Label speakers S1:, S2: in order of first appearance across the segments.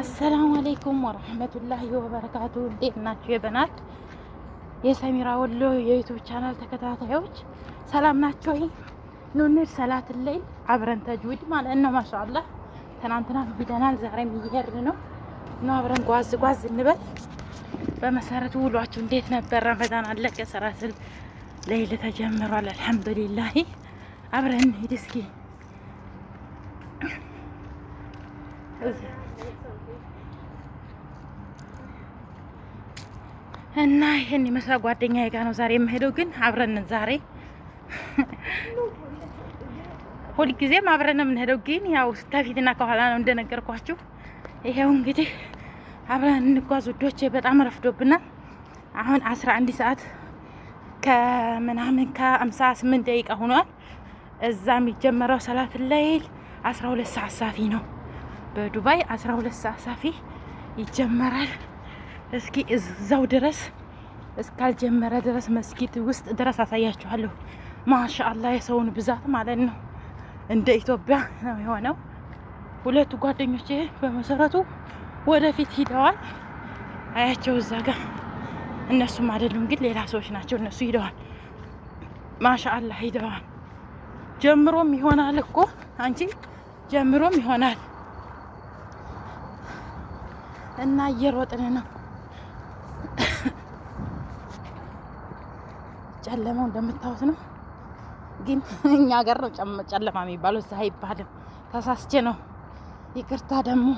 S1: አሰላሙ አሌይኩም ወረህመቱላሂ ወበረካቱ። እንዴት ናችሁ? የበናት የሰሚራ ወሎ የዩቱብ ቻናል ተከታታዮች ሰላም ናቸው ወይ? ኑንድ ሰላት ለይል አብረን ተጅዊድ ማለት ነው። ማሻአላህ ትናንትና ብለናል፣ ዛሬም እየሄድን ነው እና አብረን ጓዝ ጓዝ እንበል። በመሰረቱ ውሏችሁ እንዴት ነበር? ረመዳን አለቀ፣ ሰላትል ለይል ተጀምሯል። አልሐምዱሊላሂ አብረን ሂድ እስኪ እና ይሄን የመስራ ጓደኛዬ ነው ዛሬ የምሄደው። ግን አብረንን ዛሬ ሁልጊዜም አብረን ነው የምንሄደው። ግን ያው ከፊትና ከኋላ ነው እንደነገርኳችሁ። ይሄው እንግዲህ አብረን እንጓዝ ውዶቼ። በጣም ረፍዶብናል። አሁን አስራ አንድ ሰዓት ከምናምን ከአምሳ ስምንት ደቂቃ ሆኗል። እዛ የሚጀመረው ሰላት ለይል አስራ ሁለት ሰዓት ሳፊ ነው። በዱባይ 12 ሰዓት ሳፊ ይጀመራል። እስኪ እዛው ድረስ እስካልጀመረ ድረስ መስጊድ ውስጥ ድረስ አሳያችኋለሁ። ማሻአላ የሰውን ብዛት ማለት ነው። እንደ ኢትዮጵያ ነው የሆነው። ሁለቱ ጓደኞቼ በመሰረቱ ወደፊት ሂደዋል። አያቸው እዛ ጋር እነሱም አይደሉም ግን ሌላ ሰዎች ናቸው። እነሱ ሂደዋል። ማሻአላ ሂደዋል። ጀምሮም ይሆናል እኮ አንቺ ጀምሮም ይሆናል እና እየሮጥን ነው። ጨለማው እንደምታዩት ነው። ግን እኛ ሀገር ነው ጨለማ የሚባለው፣ እዛ አይባልም። ተሳስቼ ነው። ይቅርታ ደግሞ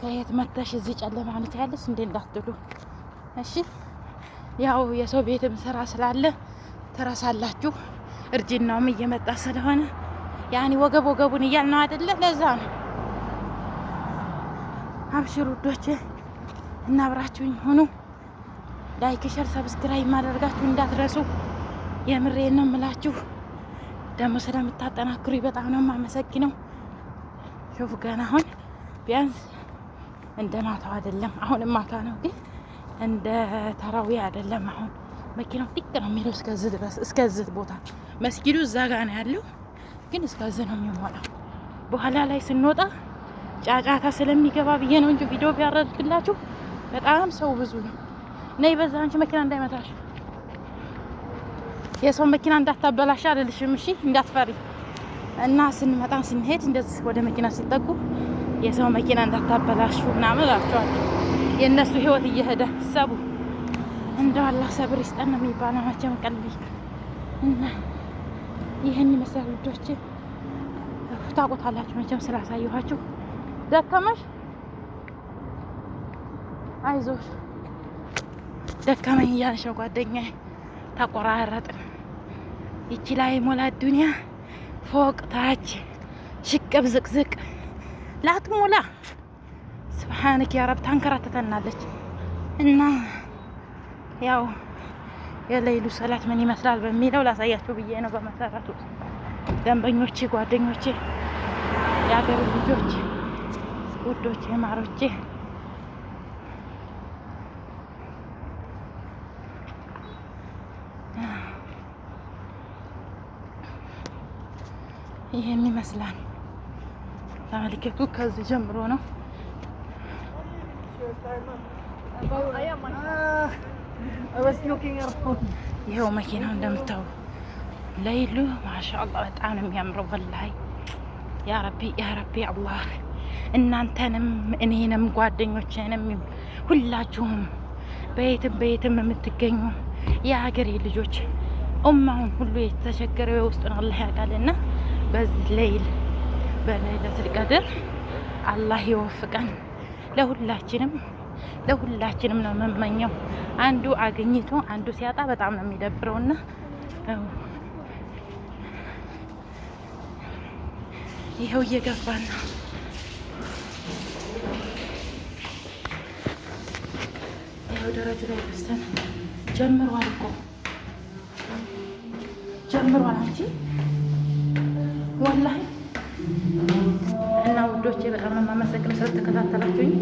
S1: ከየት መተሽ እዚህ ጨለማ ነው ያለሽ እንዴ እንዳትሉ እሺ። ያው የሰው ቤትም ስራ ስላለ ትረሳላችሁ። እርጅናውም እየመጣ ስለሆነ ያኔ ወገብ ወገቡን እያልነው ነው አይደለ? ለዛ ነው አብሽር ውዶች እና አብራችሁኝ ሁኑ። ላይክ፣ ሸር፣ ሰብስክራይብ ማድረጋችሁ እንዳትረሱ። የምሬ ነው የምላችሁ። ደግሞ ስለምታጠናክሩ በጣም ነው የማመሰግነው። ሹፍ ገና አሁን ቢያንስ እንደ ማታው አይደለም። አሁንም ማታ ነው ግን እንደ ተራዊ አይደለም። አሁን መኪናው ጥቅ ነው የሚለው እስከዚህ ድረስ እስከዚህ ቦታ መስጊዱ እዛ ጋ ነው ያለው፣ ግን እስከዚህ ነው የሚሞላው። በኋላ ላይ ስንወጣ ጫጫታ ስለሚገባ ብዬ ነው እንጂ ቪዲዮ ቢያረግላችሁ በጣም ሰው ብዙ ነው። ነይ በዛ አንቺ መኪና እንዳይመታሽ የሰው መኪና እንዳታበላሽ አልልሽም። እሺ እንዳትፈሪ እና ስንመጣ ስንሄድ እንደዚህ ወደ መኪና ሲጠጉ የሰው መኪና እንዳታበላሹ ምናምን እላቸዋለሁ። የእነሱ ህይወት እየሄደ ሰቡ እንደው አላህ ሰብር ይስጠን ነው የሚባለው መቼም ቀልቢ እና ይህን መሰል ልጆች ታውቁታላችሁ መቼም ስላሳየኋችሁ ደከመሽ? አይዞሽ ደከመኝ እያለሽ ነው ጓደኛዬ። ተቆራረጥን። ይቺ ላይ ሞላ ዱንያ ፎቅ ታች ሽቅብ ዝቅዝቅ ላት ሞላ ስብሓንክ ያ ረብ ታንከራተተናለች። እና ያው የሌሉ ሰላት ምን ይመስላል በሚለው ላሳያቸው ብዬ ነው። በመሰረቱ ደንበኞቼ፣ ጓደኞቼ፣ የአገር ልጆች ውዶቼ ማሮቼ ይሄን ይመስላል ታሪኬቱ። ከዚህ ጀምሮ ነው ይኸው መኪናው እንደምታው ለይሉ ማሻአላህ በጣም ነው የሚያምረው። ወላሂ ያ ረቢ ያ ረቢ አላህ እናንተንም እኔንም ጓደኞቼንም ሁላችሁም በየትም በየትም የምትገኙ የሀገሬ ልጆች ኡማውን ሁሉ የተቸገረው የውስጡን አላህ ያውቃልና በዚህ ሌይል በሌይለቱል ቀድር አላህ ይወፍቀን ለሁላችንም ለሁላችንም ነው የምመኘው። አንዱ አግኝቶ አንዱ ሲያጣ በጣም ነው የሚደብረውና ይኸው እየገባን ነው። ይኸው ደረጁ ላይ በስተን ጀምሯል እኮ ጀምሯል። አንቺ ወላሂ እና ውዶቼ በጣም የማመሰግነው ስለተከታተላችሁኝ